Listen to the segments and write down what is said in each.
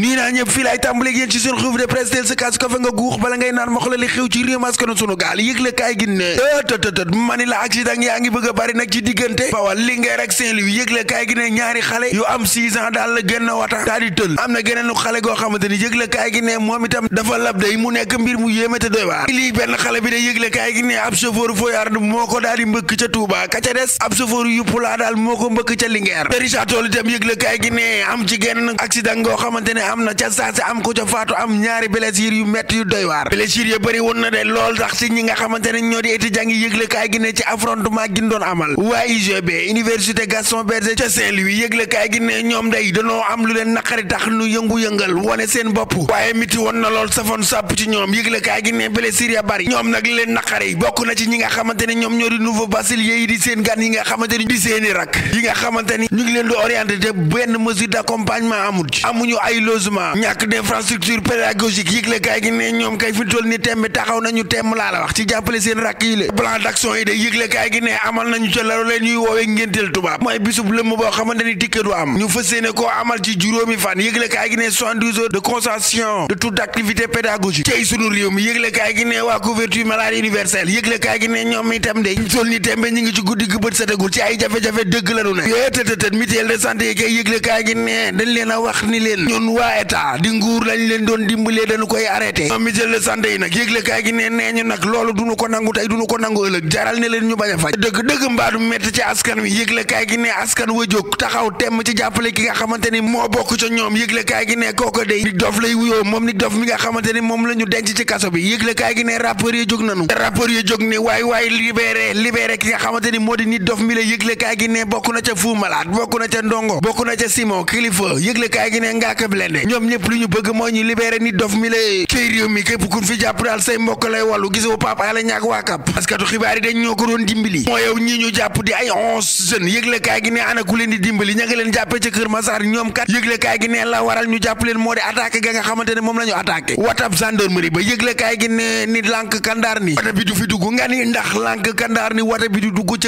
nii naa ñëpp fii laay tàmbaleeg yéen ci seen revue de presse del sa kaas kafe nga guux bala ngay naan ma xew ci réew mi askanu sunu gaal yëgle kaay gi ne tëtëtët mani la accident yaa ngi bëgg a bari nag ci diggante Bawal Linguère ak Saint-Louis yëgle kaay gi ne ñaari xale yu am 6 ans daal wata daal di tël am na geneenu xale goo xamante ni yëgle kaay gi ne moom itam dafa lab day mu nekk mbir mu yéeme te doy waar lii benn xale bi de yëgle kaay gi ne ab chauffeur ne ne am na ca saasi am ku ca faatu am ñaari blessure yu metti yu doy waar blessure ya bëri woon na de lool sax ci ñi nga xamante ñoo di étudiant yi yëglekaay gi ne ñoom day danoo am lu leen naqari tax nu yëngu-yëngal wane seen bopp waaye miti woon na lool safoon sàpp ci ñoom yëglekaay gi ne blessure ya bëri ñoom nag li leen naqari bokk na ci ñi nga xamante ne ñoom ñoo di nouveau bachelier yi di seen gan yi nga xamante ni di seeni rak yi ni ñu ngi leen di orienté logement ñàkk d'infrastructure pédagogique yëgle kay gi ne ñoom itam de ñu toll ni tembe ñu ngi ci guddi gi bët setagul ci ay jafe-jafe dëgg la ne yooyu de santé yi kay yëgle kaay gi ne dañ leen a wax ni leen ñun waa état di nguur lañ leen doon dimbalee dañu koy arrêté ma mutuelle de santé yi nag yëgle kaay gi ne nee ñu nag loolu duñu ko nangu tey duñu ko nangu ëllëg jaral ne leen ñu bañ a faj dëgg dëgg mbaadu metti ci askan wi yëgle kaay gi ne askan wa jóg taxaw temm ci jàppale ki nga xamante ni moo bokk ca ñoom yëgle kaay gi ne kooko day Nick Doff lay wuyoo moom Nick Doff mi nga xamante ni moom la ñu denc ci kaso bi yëgle kaay gi ne rappeurs yi jóg nanu rappeurs yi jóg ni waay waay ni moo di Nick Doff mi la yëgle gi ne bokk na ca Fou Malade bokk na ca Ndongo bokk na ca Simon Kilifa ñoom ñëpp lu ñu bëgg moo ñu libéré nit dof mi lay cëy réew mi képp ku fi jàpp daal say mbokk lay wàllu gisoo Pape Alé Niang waa CAP parce tu xibaar yi dañ ñoo ko doon dimbali moo yow ñii ñu ñoom la waral ñu jàpp leen moo di attaqué ga nga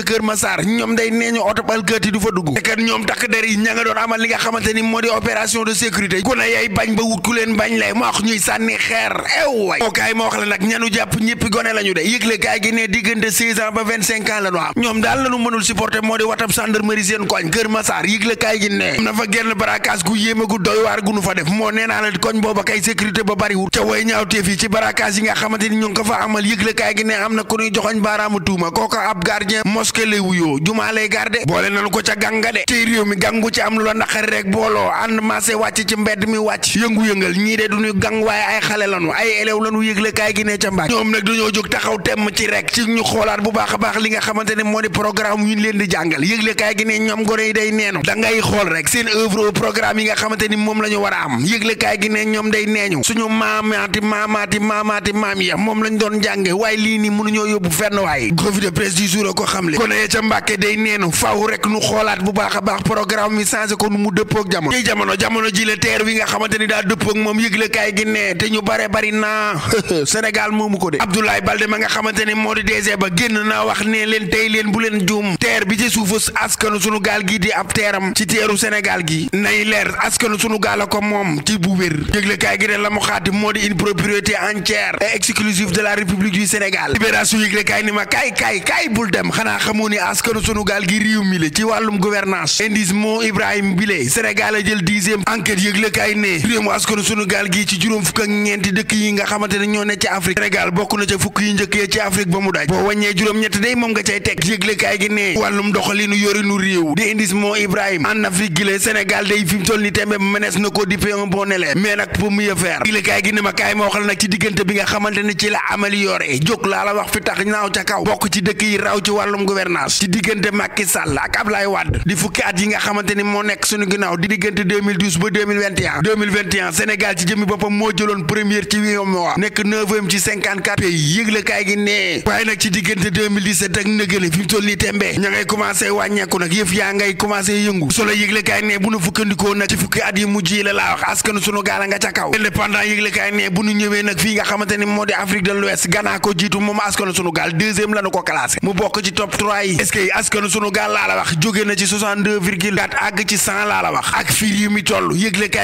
xamante ne day nee ñu oto alkaati du fa dugg ñoom takk der yi doon amal li nga xamante moo di opération de sécurité na yay bañ ba wut leen bañ lay ma wax ñuy sànni xeer ew eh moo oh, kaay ma wax la nag ñanu jàpp ñëpp gone la de yëgle kaay gi diggante 16 ans ba 25 ans am ñoom nu amal yëgle kaay gi am na ku ñuy joxoñ baaraamu tuuma kooka ab gardien mosquée lay wuyoo jumaa lay garde boole nañu ko ca gànga de tey réew mi gàngu ci am la naqari rek booloo ànd maase wàcc ci mbedd mbedd mi wàcc yëngu-yëngal ñii de duñu gang waaye ay xale lanu ay élève lanu yëgle kaay gi ne ca Mbàkke ñoom nag dañoo jóg taxaw temm ci rek ci ñu xoolaat bu baax a baax li nga xamante ne moo di programme yu leen di jàngal yëgle kaay gi ne ñoom gone yi day neenu da ngay xool rek seen œuvre yi nga xamante ni moom la ñu war a am yëgle kaay gi ne ñoom day neeñu suñu maamaati maamaati maamaati maam ya moom lañ doon jànge waaye lii nii mënuñoo yóbbu fenn waaye revue de jour ko xamle gone ya ca Mbàkke day neenu faaw rek nu xoolaat bu baax a baax programme ko mu dëppook jamono jamono jamono ji la teer wi yi nga xamante ni daa dëppoog moom yëglekaay gi ne te ñu bare bari Sénégal moomu ko de Abdoulaye Balde ma nga xamante ni di DG génn naa wax ne leen tey leen bu leen juum teer bi ci suufu askanu sunu gaal gi di ab teeram ci teeru Sénégal gi nay leer askanu sunu gaal a ko moom ci bu wér yëglekaay gi de la mu xaati moo di une propriété entière et exclusive de la République du Sénégal libération yëglekaay ni ma kaay kaay kaay bul dem xanaa xamoo ni askanu sunu gaal a kaay ne réew mu askanu sunu gaal gi ci juróom fukk ak dëkk yi nga xamante ne ñoo ne ci Afrique Sénégal bokk na ca fukk yi njëkk ya ci Afrique ba mu daaj boo wàññee juróom-ñett day moom nga cay teg yëgle kaay gi ne wàllum doxalinu yorinu réew di indice moo Ibrahima en Afrique gi le Sénégal day fi toll ni tembe mënees na ko dippee un bon mais nag pour mieux faire yëgle kaay gi ne ma kaay moo xal nag ci diggante bi nga xamante ne ci la amélioré jóg laa la wax fi tax naaw ca kaw bokk ci dëkk yi raw ci wàllum gouvernance ci diggante Macky Sall ak Ablaye Wade di fukki at yi nga xamante ni moo nekk suñu ginnaaw di diggante 2012 ba 2021 2021 Sénégal ci jëmmi boppam moo jëloon première ci wii mois nekk neuvième ci 54 pays yëglekaay gi nee waaye nag ci diggante 2017 ak nëgële fi mu toll nii tembe ña ngay commencé wàññeeku nag yëf yaa ngay commencé yëngu solo yëglekaay nee bu nu fukkandikoo nag ci fukki at yi mujj yi laa wax askanu sunu gaala nga ca kaw indépendant yëglekaay nee bu nu ñëwee nag fii nga xamante moo di Afrique de l'Ouest Ghana ko jiitu moom askanu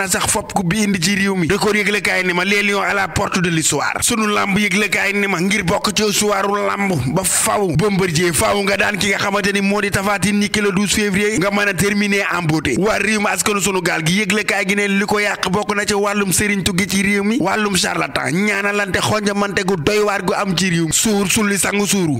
mën a sax fopp ku bi indi ci réew mi record yëglekaay ni ma les lions a la porte de l'histoire sunu lamb yëglekaay ni ma ngir bokk ci histoire lamb ba faw Bombardier faaw nga daan ki nga xamante ni moo di Tapha Tine ni ki le 12 février nga mën a terminer en beauté waa réew mi askanu sunu gaal gi yëglekaay gi ne li ko yàq bokk na ci wàllum sëriñ tuggi ci réew mi wàllum charlatan ñaanalante xonjamante gu doy waar gu am ci réew suur sulli sangu suuru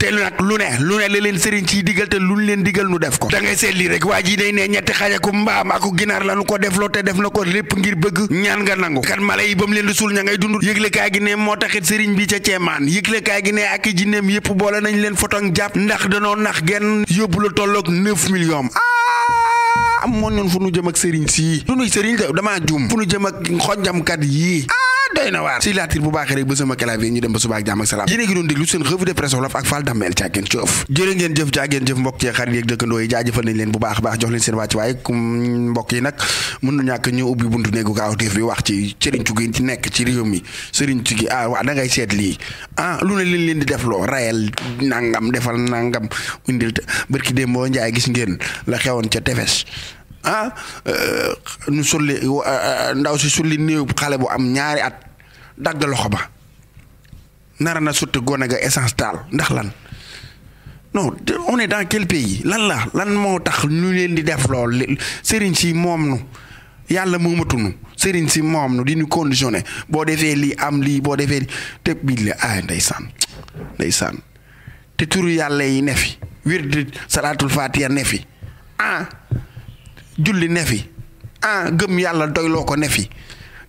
lépp ngir bëgg ñaan nga nangu kat mala yi ba mu leen di suul ña ngay dund yëglekaay gi ne moo taxit sëriñ bi ca ceemaan yëglekaay gi ne ak jinneem yëpp boole nañ leen fotoŋ jàpp ndax danoo nax genn yóbbu la tolloog 9 millions am moon ñun fu nu jëm ak sëriñ sii du nuy sëriñ damaa juum fu nu jëm ak xojjamkat yii doy na waar si laatir bu baax rek ba sama clavier ñu dem ba suba ak jàmm salaam yéen a ngi doon déglu seen revue de presse wolof ak Fall Damel caageen coof jërë ngeen jëf jaageen yi xarit yeeg dëkkandoo yi jaajëfal nañ leen bu baax baax jox leen seen wàcc waaye mbokk yi gi ci nekk ci réew mi sëriñ gi ah waa da ngay seet lii ah lu ne leen di def loo rayal nangam defal nangam indil barki démboo njaay gis ngeen la xewoon ca tefes ah nu euh, sulli euh, ndaw si sulli néew xale bu am ñaari at dagg loxo ba nara na sotti gone ga essence taal ndax lan non on est dans quel lan la lan moo tax ñu leen di def lool sëriñ si moom nu yàlla moomatunu sëriñ si moom nu di ñu boo defee lii am lii boo defee te bii la ah, ay ndeysaan ndeysaan te turu yàlla yi ne fi wird salaatul faatiha ne fi ah julli ne fi ah gëm yàlla doyloo ko ne fi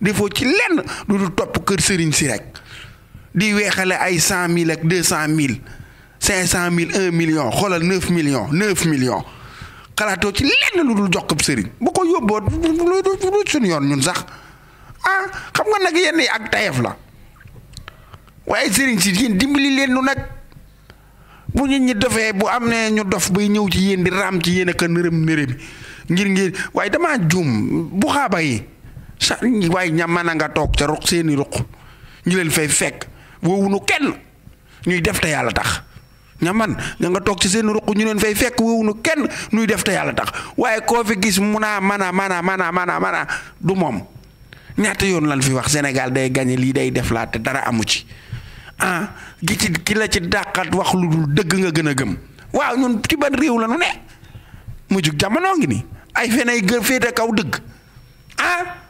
defoo ci lenn lu dul topp kër sëriñ si rek di weexale ay cent mille ak deux cent mille cinq cent mille un million xoolal neuf million neuf million xalaatoo ci lenn lu dul jox ko sëriñ bu ko yóbboo lu suñu yoon ñun sax ah xam nga nag yenn yi ak tayef la waaye sëriñ si yéen dimbali leen nu nag. bu ñu ñi dofee bu am ne ñu dof bay ñëw ci yéen di raam ci yéen ak a nërëm nërëmi ngir ngir waaye dama juum bu xaaba yi sa waaye ñamana nga toog ca ruq seeni ruq ñu leen fay fekk woowunu kenn ñuy def te yàlla tax ñaman nga toog ci seen ruq ñu leen fay fekk woowunu kenn ñuy def te yàlla tax waaye koo fi gis mun a a mana mana mana mana du moom ñaata yoon lan fi wax Sénégal day gañe lii day def laa te dara amu ci ah gi ci ki la ci dàqat wax lu dul dëgg nga gën a gëm waaw ñun ci ban réew la ne mujjug jamono ngi ni ay fen ay féete kaw dëgg ah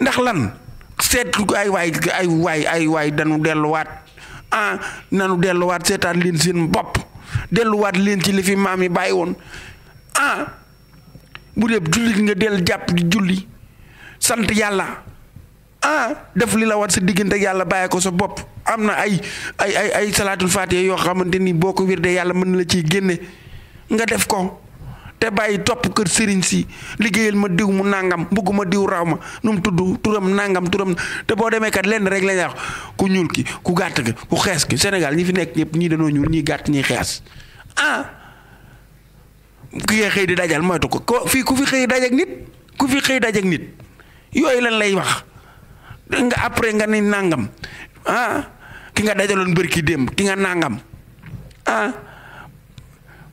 ndax lan seet ay waay ay waay ay waay dañu delluwaat ah nanu delluwaat seetaan leen seen bopp delluwaat leen ci li fi maam yi bàyyi woon ah bu dee jullit nga del jàpp di julli sant yàlla ah def li la wat sa diggante yàlla bàyyi ko sa bopp am na ay ay ay ay salaatul faatiha yoo xamante ni boo ko de yàlla mën na la ciy génne nga def ko te bàyyi topp kër sëriñ si liggéeyal ma diw mu nangam ma diw raw ma nu mu tudd turam nangam turam te boo demee kat lenn rek la ñuy wax ku ñuul ki ku gàtt ki ku xees ki Sénégal ñi fi nekk ñëpp ñi dañoo ñuul ñii gàtt ñii xees ah ki ngay xëy di dajal moytu ko ko fii ku fi xëy dajak nit ku fi xëy dajak nit yooyu lan lay wax nga après nga ni nangam ah! ki nga dajaloon bërki démb ki nga nangam ah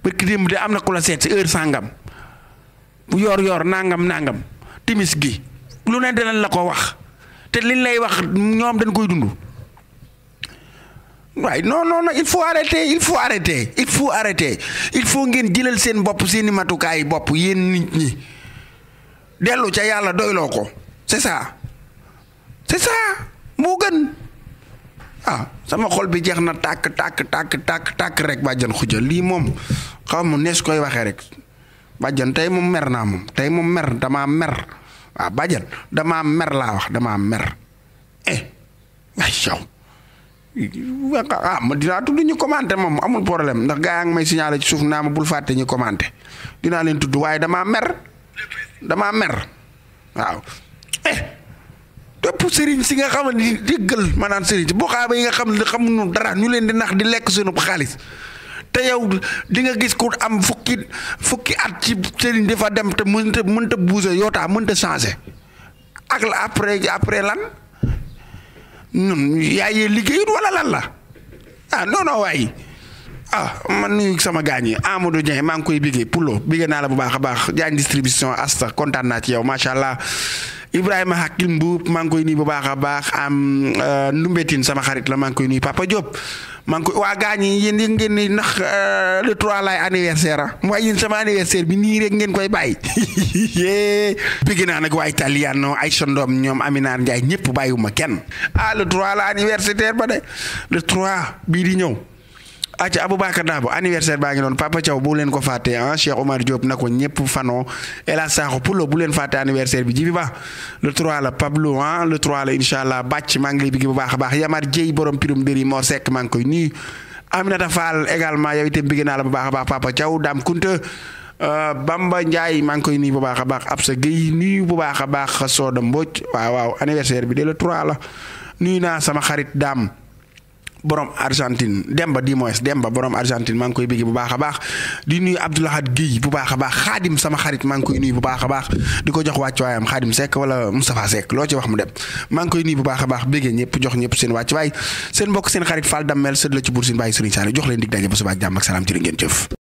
bërki démb de am na ku la seet si heure sàngam bu yor yor nangam nangam timis gi lu ne danañ la ko wax te liñ lay wax ñoom dañ koy dund waaye non non non il faut arrêter il faut arrêter il faut il faut ngeen jëlal seen bopp seeni matukaay bopp yéen nit ñi dellu ca yàlla doyloo ko c'est ça c'est ça moo gën ah sama xol bi jeex na tàkk tàkk tàkk tàkk tàkk rek bàjjan xuja lii moom xaw ma nees koy waxee rek bàjjan tey moom mer naa moom tey moom mer damaa mer waaw ah, bàjjan mer laa wax damaa mer eh waay yow ah, ma dinaa tudd ñu commenté moom amul problème ndax gaa yaa ngi may signalé ci suuf naa ma bul fàtte ñu commenté dinaa leen tudd waaye damaa mer damaa mer waaw eh bépp sëriñ si nga xam ne déggal maanaam sëriñ si buxaaba yi nga xam ne xamuñu dara ñu leen di nax di lekk sunu xaalis te yow di nga gis ku am fukki fukki at ci sëriñ di fa dem te mënta mënta bouger yootaa mënta changer ak la après après lan ñun yaayee liggéeyut wala lan la ah non non waay ah man nuyu sama gaañ yi Amadou Dieng maa ngi koy bégee Poulo bégee naa la bu baax a baax Diagne distribution asta kontaan naa ci yow macha allah Ibrahima Hakil Mbuub maa nii bu baax a baax am euh, Ndumbetin sama xarit la maa ngi Papa Diop maa waa gaañ yi yéen yéen ngeen ni ndax euh, le trois laay anniversaire ah waaye yéen sama anniversaire bi nii rek ngeen koy bàyyi yee bëgg naa nag waa Italiano ay sondoom ñoom Aminar Ndiaye ñëpp bàyyiwuma kenn ah le trois la anniversaire ba de le trois bii di ñëw. aca Aboubacar Dabo anniversaire baa ngi noonu Papa Thiaw bu leen ko fàtte ah Cheikh Omar na ko ñëpp fanoo El Hadj Sakho Poulo bu leen fàtte anniversaire bi jibi ba le 3 la Pablo ah le 3 la incha allah bàcc maa ngi lay bëgg bu baax a baax Yamar Dieye borom pirum dëri moo sekk maa ngi koy nuyu Aminata Fall également yow itam bëgg naa bu baax a baax Papa Thiaw Dame Kunta euh, Bamba Ndiaye maa ngi koy nuyu bu baax a baax Absa Gueye nuyu bu baax a baax Soda Mbodj waaw waaw anniversaire bi de le 3 la nuyu naa sama xarit daam borom Argentine Demba di moes Demba borom Argentine maa koy bëgg bu baax a baax di nuyu Abdoulahat Guèye bu baax a baax xaadim sama xarit maa ngi koy nuyu bu baax a baax di ko jox wàccuwaayam xaadim Seck wala Moustapha Seck loo ci wax mu dem maa koy nuyu bu baax a baax bëggee ñëpp jox ñëpp seen wàccuwaay seen mbokk seen xarit Fall Dammel sëdd la ci buur sin bàyyi Serigne Sall jox leen dig daje ba suba ak ak salaam jërë ngeen jëf